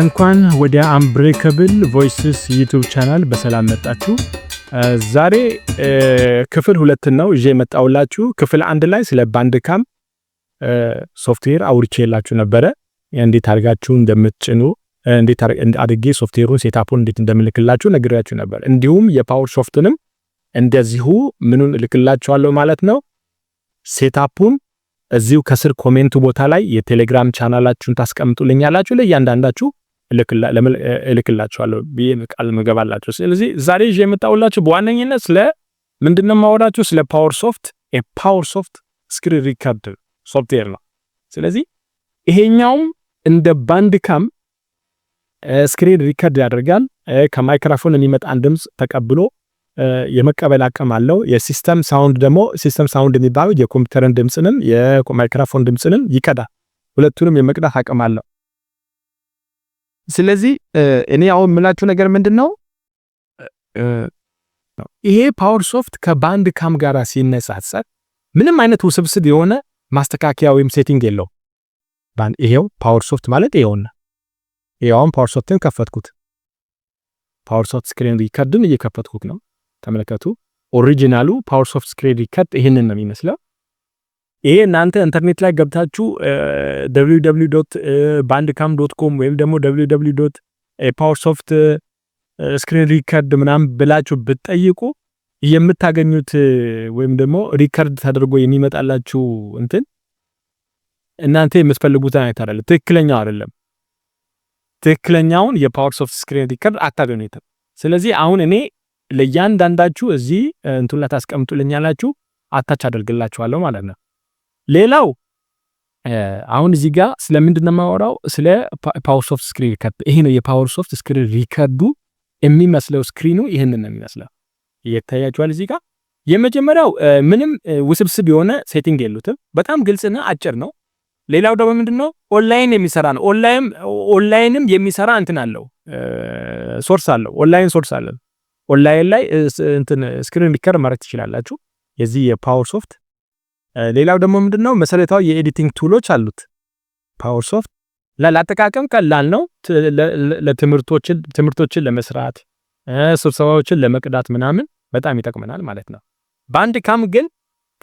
እንኳን ወደ አምብሬከብል ቮይስስ ዩቱብ ቻናል በሰላም መጣችሁ። ዛሬ ክፍል ሁለትን ነው ይዤ መጣውላችሁ። ክፍል አንድ ላይ ስለ ባንድካም ሶፍትዌር አውርቼላችሁ ነበረ። እንዴት አድርጋችሁ እንደምትጭኑ እንዴት አድርጌ ሶፍትዌሩን ሴታፑን እንዴት እንደምልክላችሁ ነግሬያችሁ ነበር። እንዲሁም የፓወር ሶፍትንም እንደዚሁ ምኑን እልክላችኋለሁ ማለት ነው ሴታፑን እዚሁ ከስር ኮሜንቱ ቦታ ላይ የቴሌግራም ቻናላችሁን ታስቀምጡልኛላችሁ። ለእያንዳንዳችሁ እልክላቸዋለሁ ብዬ ቃል ምገባላቸው። ስለዚህ ዛሬ ይዤ የመጣሁላችሁ በዋነኝነት ስለ ምንድን ነው የማወራችሁ? ስለ ፓወር ሶፍት የፓወር ሶፍት ስክሪን ሪካርድ ሶፍትዌር ነው። ስለዚህ ይሄኛውም እንደ ባንድ ካም ስክሪን ሪከርድ ያደርጋል። ከማይክሮፎን የሚመጣን ድምፅ ተቀብሎ የመቀበል አቅም አለው። የሲስተም ሳውንድ ደግሞ ሲስተም ሳውንድ የሚባለው የኮምፒውተርን ድምፅንም የማይክሮፎን ድምፅንም ይቀዳ ሁለቱንም የመቅዳት አቅም አለው። ስለዚህ እኔ አሁን የምላችሁ ነገር ምንድን ነው፣ ይሄ ፓወር ሶፍት ከባንድ ካም ጋር ሲነጻጸር ምንም አይነት ውስብስብ የሆነ ማስተካከያ ወይም ሴቲንግ የለው። ይሄው ፓወር ሶፍት ማለት ይሄውና፣ ይሄውን ፓወር ሶፍትን ከፈትኩት። ፓወር ሶፍት ስክሪን ሪከርድን እየከፈትኩት ነው። ተመለከቱ። ኦሪጂናሉ ፓወር ሶፍት ስክሪን ሪከርድ ይህንን ነው የሚመስለው። ይሄ እናንተ ኢንተርኔት ላይ ገብታችሁ ደብሊው ደብሊው ዶት ዶት ኮም ወይም ደግሞ ደብሊው ደብሊው ዶት ፓወርሶፍት ስክሪን ሪከርድ ምናምን ብላችሁ ብትጠይቁ የምታገኙት ወይም ደግሞ ሪከርድ ተደርጎ የሚመጣላችሁ እንትን እናንተ የምትፈልጉትን አይነት አይደለም፣ ትክክለኛው አይደለም። ትክክለኛውን የፓወርሶፍት ስክሪን ሪከርድ አታገኙትም። ስለዚህ አሁን እኔ ለእያንዳንዳችሁ እዚህ እንትን ላይ አታች አደርግላችኋለሁ ማለት ነው። ሌላው አሁን እዚህ ጋር ስለምንድን ነው የማወራው? ስለ ፓወር ሶፍት ስክሪን ሪከርድ። ይሄ ነው የፓወር ሶፍት ስክሪን ሪከርዱ የሚመስለው። ስክሪኑ ይህንን ነው የሚመስለው። እየታያችኋል እዚህ ጋር የመጀመሪያው ምንም ውስብስብ የሆነ ሴቲንግ የሉትም። በጣም ግልጽና አጭር ነው። ሌላው ደግሞ ምንድን ነው ኦንላይን የሚሰራ ነው። ኦንላይንም የሚሰራ እንትን አለው ሶርስ አለው። ኦንላይን ሶርስ አለ። ኦንላይን ላይ እንትን ስክሪን ሪከርድ ማድረግ ትችላላችሁ የዚህ የፓወር ሶፍት ሌላው ደግሞ ምንድነው መሰረታዊ የኤዲቲንግ ቱሎች አሉት። ፓወርሶፍት ለአጠቃቀም ቀላል ነው። ትምህርቶችን ለመስራት ስብሰባዎችን ለመቅዳት ምናምን በጣም ይጠቅመናል ማለት ነው። ባንድ ካም ግን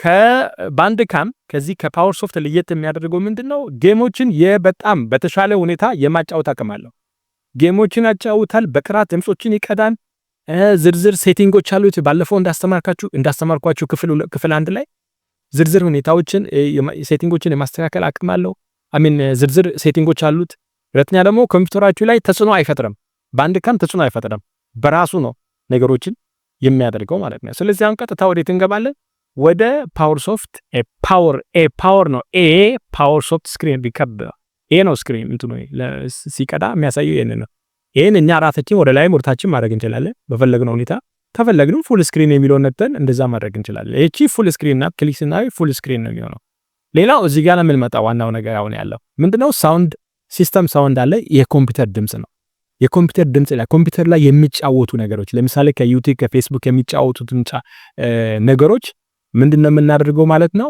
ከባንድ ካም ከዚህ ከፓወር ሶፍት ለየት የሚያደርገው ምንድነው ጌሞችን በጣም በተሻለ ሁኔታ የማጫወት አቅም አለው። ጌሞችን ያጫውታል፣ በቅራት ድምፆችን ይቀዳል። ዝርዝር ሴቲንጎች አሉት። ባለፈው እንዳስተማርካችሁ እንዳስተማርኳችሁ ክፍል አንድ ላይ ዝርዝር ሁኔታዎችን ሴቲንጎችን የማስተካከል አቅም አለው። አሚን ዝርዝር ሴቲንጎች አሉት። ሁለተኛ ደግሞ ኮምፒውተራችሁ ላይ ተጽዕኖ አይፈጥርም። በአንድ ቀን ተጽዕኖ አይፈጥርም። በራሱ ነው ነገሮችን የሚያደርገው ማለት ነው። ስለዚህ አሁን ቀጥታ ወዴት እንገባለን? ወደ ፓወር ሶፍት ፓወር ኤ ፓወር ነው ኤ ፓወር ሶፍት ስክሪን ሪከብ ኤ ነው ስክሪን እንትኑ ሲቀዳ የሚያሳየው ይህን ነው። ይህን እኛ ራሳችን ወደ ላይም ወደታችን ማድረግ እንችላለን በፈለግነው ሁኔታ ከፈለግንም ፉል ስክሪን የሚለውን ነጥተን እንደዛ ማድረግ እንችላለን። ይቺ ፉል ስክሪን ናት። ክሊክ ስናይ ፉል ስክሪን ነው የሚሆነው። ሌላው እዚህ ጋር ለምንመጣ ዋናው ነገር አሁን ያለው ምንድነው? ሳውንድ ሲስተም ሳውንድ አለ። የኮምፒውተር ድምፅ ነው። የኮምፒውተር ድምፅ ላይ ኮምፒውተር ላይ የሚጫወቱ ነገሮች ለምሳሌ ከዩቲዩብ ከፌስቡክ የሚጫወቱት ነገሮች ምንድነው የምናደርገው ማለት ነው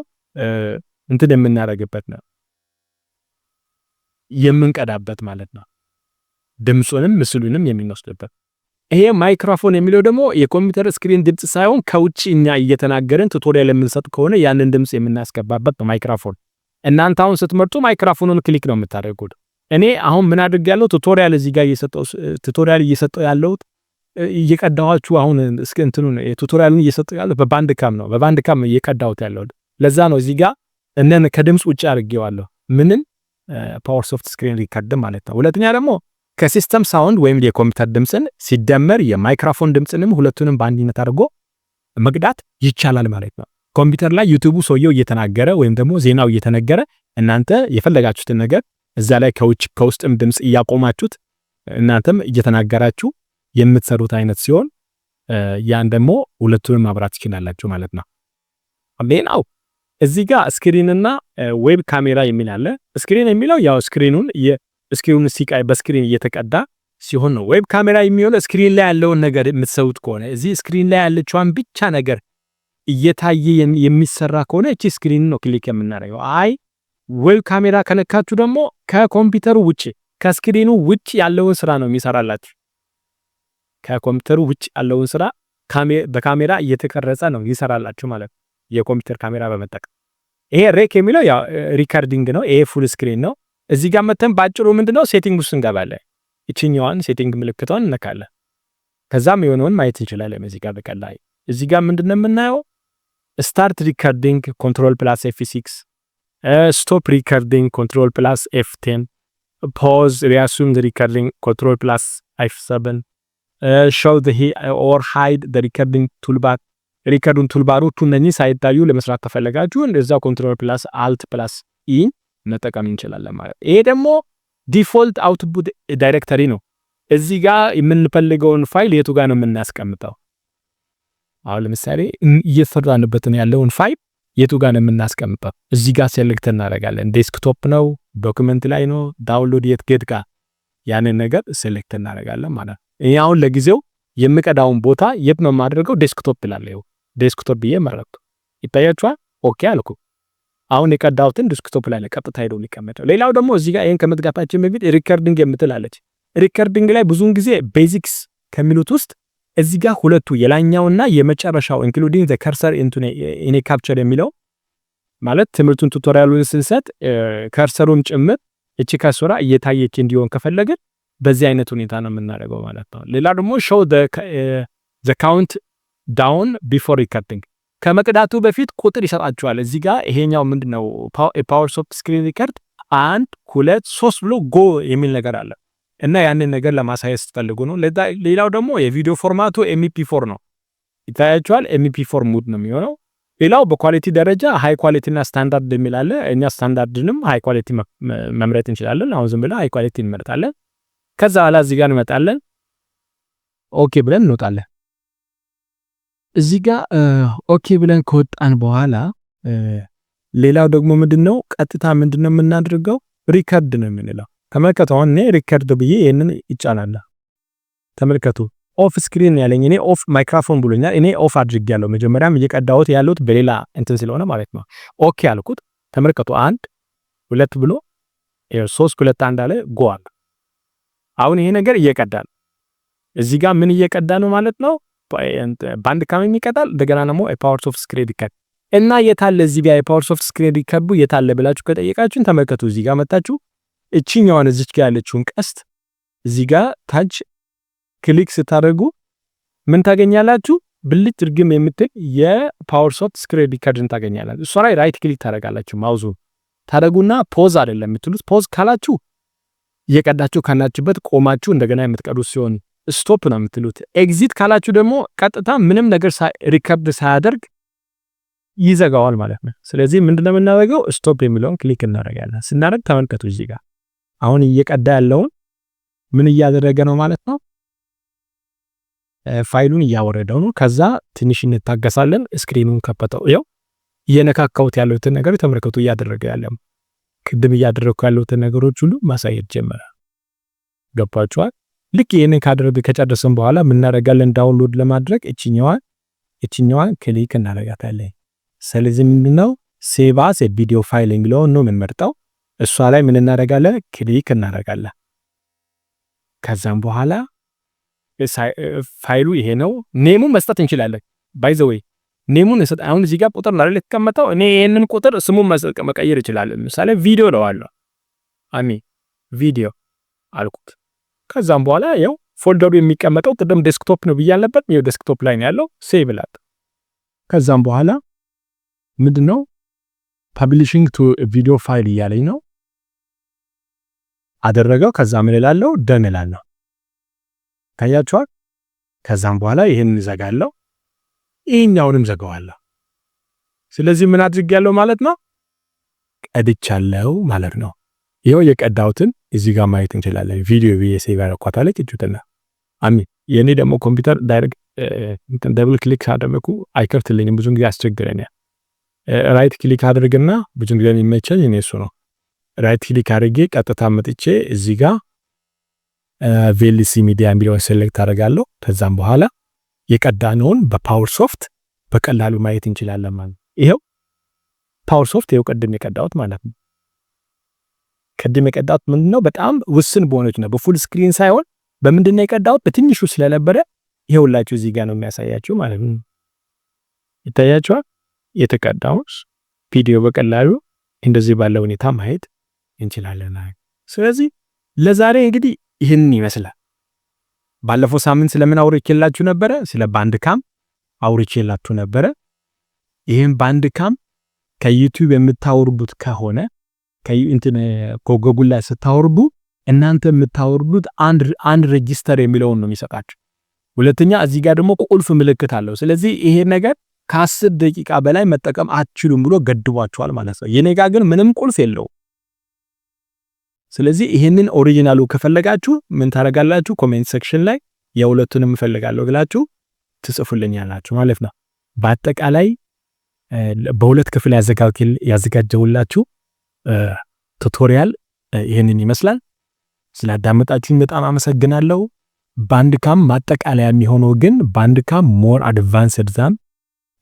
እንትን የምናደርግበት ነው የምንቀዳበት ማለት ነው ድምፁንም ምስሉንም የምንወስድበት ይሄ ማይክሮፎን የሚለው ደግሞ የኮምፒውተር ስክሪን ድምፅ ሳይሆን ከውጭ እኛ እየተናገርን ቱቶሪያል የምንሰጥ ከሆነ ያንን ድምፅ የምናስገባበት ማይክሮፎን። እናንተ አሁን ስትመርጡ ማይክሮፎኑን ክሊክ ነው የምታደርጉት። እኔ አሁን ምን አድርግ ያለው ቱቶሪያል እዚህ ጋር ቱቶሪያል እየሰጠው ያለሁት እየቀዳኋችሁ አሁን እስኪ እንትኑን ቱቶሪያሉን እየሰጠው ያለሁት በባንድ ካም ነው። በባንድ ካም እየቀዳሁት ያለሁት ለዛ ነው። እዚህ ጋር እነን ከድምፅ ውጭ አድርጌዋለሁ። ምንም ፓወር ሶፍት ስክሪን ሪከርድ ማለት ነው። ሁለተኛ ደግሞ ከሲስተም ሳውንድ ወይም የኮምፒውተር ድምፅን ሲደመር የማይክሮፎን ድምፅንም ሁለቱንም በአንድነት አድርጎ መቅዳት ይቻላል ማለት ነው። ኮምፒውተር ላይ ዩቱቡ ሰውየው እየተናገረ ወይም ደግሞ ዜናው እየተነገረ እናንተ የፈለጋችሁትን ነገር እዛ ላይ ከውጭ ከውስጥም ድምፅ እያቆማችሁት እናንተም እየተናገራችሁ የምትሰሩት አይነት ሲሆን ያን ደግሞ ሁለቱንም ማብራት ይችላላችሁ ማለት ነው። ሌላው እዚህ ጋር ስክሪንና ዌብ ካሜራ የሚል አለ። ስክሪን የሚለው ያው ስክሪኑን እስክሪኑ ሲቃይ በስክሪን እየተቀዳ ሲሆን ነው። ዌብ ካሜራ የሚሆነ ስክሪን ላይ ያለውን ነገር የምትሰውት ከሆነ እዚህ ስክሪን ላይ ያለችዋን ብቻ ነገር እየታየ የሚሰራ ከሆነ እቺ ስክሪን ነው ክሊክ የምናደርገው። አይ ዌብ ካሜራ ከነካችሁ ደግሞ ከኮምፒውተሩ ውጭ ከስክሪኑ ውጭ ያለውን ስራ ነው የሚሰራላችሁ። ከኮምፒውተሩ ውጭ ያለውን ስራ በካሜራ እየተቀረጸ ነው ይሰራላችሁ ማለት ነው፣ የኮምፒውተር ካሜራ በመጠቀም ይሄ ሬክ የሚለው ሪካርዲንግ ነው። ይሄ ፉል ስክሪን ነው። እዚህ ጋር መተን ባጭሩ ምንድነው ሴቲንግ ውስጥ እንገባለን። ይችኛዋን ሴቲንግ ምልክቷን እነካለን። ከዛም የሆነውን ማየት እንችላለን። እዚህ ጋር በቀላይ እዚህ ጋር ምንድነው የምናየው ስታርት ሪከርዲንግ ኮንትሮል ፕላስ ኤፍ ሲክስ ስቶፕ ሪከርዲንግ ኮንትሮል ፕላስ ኤፍ ቴን ፖዝ ሪያሱም ሪከርዲንግ ኮንትሮል ፕላስ ኤፍ ሰቨን ሾው ኦር ሃይድ ሪከርዲንግ ቱልባር ሪከርዱን ቱልባሮቹ እነኚህ ሳይታዩ ለመስራት ተፈለጋችሁ እንደዛ ኮንትሮል ፕላስ አልት ፕላስ ኢን መጠቀም እንችላለን ማለት ነው። ይሄ ደግሞ ዲፎልት አውትፑት ዳይሬክተሪ ነው። እዚህ ጋር የምንፈልገውን ፋይል የቱ ጋር ነው የምናስቀምጠው? አሁን ለምሳሌ እየሰራንበትን ያለውን ፋይል የቱ ጋር ነው የምናስቀምጠው? እዚህ ጋር ሴሌክት እናደርጋለን። ዴስክቶፕ ነው፣ ዶክመንት ላይ ነው፣ ዳውንሎድ የት ጌት ጋር ያንን ነገር ሴሌክት እናደርጋለን ማለት ነው። ይህ አሁን ለጊዜው የምቀዳውን ቦታ የት ነው የማደርገው? ዴስክቶፕ ይላል። ዴስክቶፕ ብዬ መረጥኩ። ይታያችኋል። ኦኬ አልኩ። አሁን የቀዳሁትን ዲስክቶፕ ላይ ቀጥታ ሄዶ ሊቀመጠው። ሌላው ደግሞ እዚህ ጋር ይህን ከመዝጋታችን በፊት ሪከርዲንግ የምትላለች ሪከርዲንግ ላይ ብዙውን ጊዜ ቤዚክስ ከሚሉት ውስጥ እዚህ ጋር ሁለቱ የላኛውና የመጨረሻው ኢንክሉዲንግ ዘ ከርሰር ኔ ካፕቸር የሚለው ማለት ትምህርቱን ቱቶሪያሉን ስንሰጥ ከርሰሩም ጭምር እቺ ከሱራ እየታየች እንዲሆን ከፈለግን በዚህ አይነት ሁኔታ ነው የምናደርገው ማለት ነው። ሌላ ደግሞ ሾው ዘ ካውንት ዳውን ቢፎር ሪከርዲንግ ከመቅዳቱ በፊት ቁጥር ይሰጣችኋል። እዚህ ጋር ይሄኛው ምንድን ነው የፓወርሶፍት ስክሪን ሪከርድ አንድ ሁለት ሶስት ብሎ ጎ የሚል ነገር አለ እና ያንን ነገር ለማሳየት ስትፈልጉ ነው። ሌላው ደግሞ የቪዲዮ ፎርማቱ ኤምፒ ፎር ነው ይታያችኋል። ኤምፒ ፎር ሙድ ነው የሚሆነው። ሌላው በኳሊቲ ደረጃ ሃይ ኳሊቲ እና ስታንዳርድ የሚል አለ። እኛ ስታንዳርድንም ሃይ ኳሊቲ መምረጥ እንችላለን። አሁን ዝም ብለን ሃይ ኳሊቲ እንመርጣለን። ከዛ በኋላ እዚህ ጋር እንመጣለን። ኦኬ ብለን እንወጣለን። እዚህ ጋር ኦኬ ብለን ከወጣን በኋላ ሌላው ደግሞ ምንድነው ቀጥታ ምንድነው የምናደርገው ሪከርድ ነው የምንለው። ተመልከቱ፣ አሁን እኔ ሪከርድ ብዬ ይህንን ይጫናላ። ተመልከቱ ኦፍ ስክሪን ያለኝ እኔ ኦፍ ማይክራፎን ብሎኛል። እኔ ኦፍ አድርግ ያለው መጀመሪያም እየቀዳሁት ያለሁት በሌላ እንትን ስለሆነ ማለት ነው። ኦኬ አልኩት። ተመልከቱ አንድ ሁለት ብሎ ሶስት ሁለት አንድ አለ ጎዋል። አሁን ይሄ ነገር እየቀዳ ነው። እዚህ ጋር ምን እየቀዳ ነው ማለት ነው ባንድ ካም የሚቀጣል እንደገና ደግሞ ፓወርስ ኦፍ ስክሬድ ከብ እና የታለ እዚህ ጋር የፓወርስ ኦፍ ስክሬድ ከቡ የታለ ብላችሁ ከጠየቃችሁን ተመልከቱ። እዚህ ጋር መታችሁ እችኛዋን እዚች ጋር ያለችውን ቀስት እዚህ ጋር ታች ክሊክ ስታደርጉ ምን ታገኛላችሁ? ብልጭ ድርግም የምትል የፓወር ሶፍት ስክሬድ ሪከርድን ታገኛላችሁ። እሷ ላይ ራይት ክሊክ ታደረጋላችሁ። ማውዙ ታደርጉና ፖዝ አይደለም የምትሉት ፖዝ ካላችሁ እየቀዳችሁ ካናችሁበት ቆማችሁ እንደገና የምትቀዱት ሲሆን ስቶፕ ነው የምትሉት። ኤግዚት ካላችሁ ደግሞ ቀጥታ ምንም ነገር ሪከርድ ሳያደርግ ይዘጋዋል ማለት ነው። ስለዚህ ምንድን ነው የምናደርገው? ስቶፕ የሚለውን ክሊክ እናደርጋለን። ስናደርግ ተመልከቱ እዚህ ጋር አሁን እየቀዳ ያለውን ምን እያደረገ ነው ማለት ነው። ፋይሉን እያወረደው ነው። ከዛ ትንሽ እንታገሳለን። ስክሪኑን ከፈተው ያው እየነካካሁት ያለሁትን ነገር ተመልከቱ። እያደረገ ያለም ቅድም እያደረግኩ ያለሁትን ነገሮች ሁሉ ማሳየት ጀመረ። ገባችኋል? ልክ ይህንን ካደረግ ከጨረስን በኋላ ምናደርጋለን? ዳውንሎድ ለማድረግ እችኛዋን እችኛዋን ክሊክ እናደርጋታለን። ስለዚህ ምንድነው ሴቭ አስ ቪዲዮ ፋይል የሚለውን ነው የምንመርጠው። እሷ ላይ ምን እናደርጋለን? ክሊክ እናደርጋለን። ከዛም በኋላ ፋይሉ ይሄ ነው። ኔሙን መስጠት እንችላለን። ባይ ዘ ወይ ኔሙን እንሰጥ። አሁን እዚህ ጋር ቁጥር ላይ የተቀመጠው። እኔ ይህንን ቁጥር ስሙን መቀየር እችላለሁ። ለምሳሌ ቪዲዮ ነው አለ አሚ ቪዲዮ አልኩት። ከዛም በኋላ ያው ፎልደሩ የሚቀመጠው ቅድም ዴስክቶፕ ነው ብዬ አልነበር? ይሄው ዴስክቶፕ ላይ ነው ያለው። ሴቭ ላት ከዛም በኋላ ምንድነው ፐብሊሽንግ ቱ ቪዲዮ ፋይል እያለኝ ነው አደረገው። ከዛ ምን እላለሁ? ደን እላለሁ። ታያችኋል። ከዛም በኋላ ይህን ዘጋለሁ፣ ይህኛውንም ዘጋዋለሁ። ስለዚህ ምን አድርጌያለሁ ማለት ነው? ቀድቻለሁ ማለት ነው። ይኸው የቀዳሁትን እዚህ ጋር ማየት እንችላለን። ቪዲዮ ብዬ ሴቭ ያደረኳታለች እጁትና አሚን። የእኔ ደግሞ ኮምፒውተር ዳይሬክት ደብል ክሊክ አደረኩ አይከፍትልኝም፣ ብዙን ጊዜ አስቸግረኛል። ራይት ክሊክ አድርግና ብዙን ጊዜ የሚመቸኝ እኔ እሱ ነው። ራይት ክሊክ አድርጌ ቀጥታ መጥቼ እዚህ ጋር ቬልሲ ሚዲያ የሚለውን ሴሌክት አደርጋለሁ። ከዛም በኋላ የቀዳነውን በፓወር ሶፍት በቀላሉ ማየት እንችላለን ማለት ይኸው ፓወር ሶፍት ይኸው ቅድም የቀዳሁት ማለት ነው። ቅድም የቀዳሁት ምንድነው በጣም ውስን በሆነች ነው። በፉል ስክሪን ሳይሆን ነው የቀዳሁት በትንሹ ስለነበረ ይሄውላችሁ እዚህ ጋር ነው የሚያሳያችሁ ማለት ነው። ይታያችኋል። የተቀዳውን ቪዲዮ በቀላሉ እንደዚህ ባለ ሁኔታ ማየት እንችላለን። ስለዚህ ለዛሬ እንግዲህ ይህንን ይመስላል። ባለፈው ሳምንት ስለምን አውርቼላችሁ ነበረ? ስለ ባንድ ካም አውርቼላችሁ ነበረ። ይህም ባንድ ካም ከዩቲዩብ የምታወርቡት ከሆነ ከእንትን ከጎጉል ላይ ስታወርዱ እናንተ የምታወርዱት አንድ ሬጂስተር የሚለውን ነው የሚሰጣችሁ። ሁለተኛ እዚህ ጋር ደግሞ ቁልፍ ምልክት አለው። ስለዚህ ይሄ ነገር ከአስር ደቂቃ በላይ መጠቀም አትችሉም ብሎ ገድቧችኋል ማለት ነው። የኔ ጋር ግን ምንም ቁልፍ የለው። ስለዚህ ይሄንን ኦሪጂናሉ ከፈለጋችሁ ምን ታደርጋላችሁ? ኮሜንት ሴክሽን ላይ የሁለቱንም እፈልጋለሁ ብላችሁ ያላችሁ ማለት ነው። በአጠቃላይ በሁለት ክፍል ያዘጋጀውላችሁ ቱቶሪያል ይህንን ይመስላል። ስላዳመጣችሁኝ በጣም አመሰግናለሁ። ባንድ ካም ማጠቃለያ የሚሆነው ግን ባንድ ካም ሞር አድቫንስድ ዛን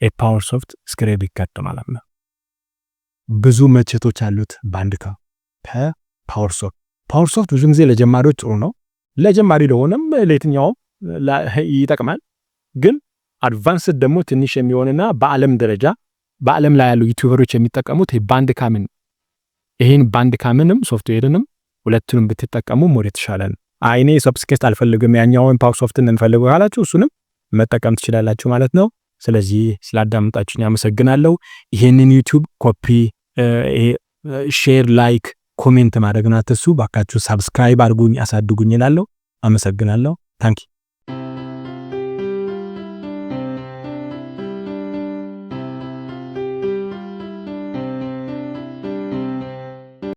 የፓወር ሶፍት ስክሬን ሪከርድ ማለት ነው። ብዙ መቼቶች አሉት ባንድ ካም ፓወር ሶፍት። ፓወር ሶፍት ብዙ ጊዜ ለጀማሪዎች ጥሩ ነው። ለጀማሪ ለሆነም ለየትኛውም ይጠቅማል። ግን አድቫንስድ ደግሞ ትንሽ የሚሆንና በዓለም ደረጃ በዓለም ላይ ያሉ ዩቱበሮች የሚጠቀሙት ባንድ ካምን ይህን ባንድ ካምንም ሶፍትዌርንም ሁለቱንም ብትጠቀሙ ሞድ የተሻለ ነው። አይኔ ሶፍትስኬት አልፈልግም ያኛውን ፓወር ሶፍትን እንፈልጉ ካላችሁ እሱንም መጠቀም ትችላላችሁ ማለት ነው። ስለዚህ ስላዳምጣችሁን ያመሰግናለሁ። ይህንን ዩቱብ ኮፒ፣ ሼር፣ ላይክ፣ ኮሜንት ማድረግን አትርሱ። ባካችሁ ሰብስክራይብ አድርጉኝ፣ አሳድጉኝ ይላለሁ አመሰግናለሁ። ታንኪ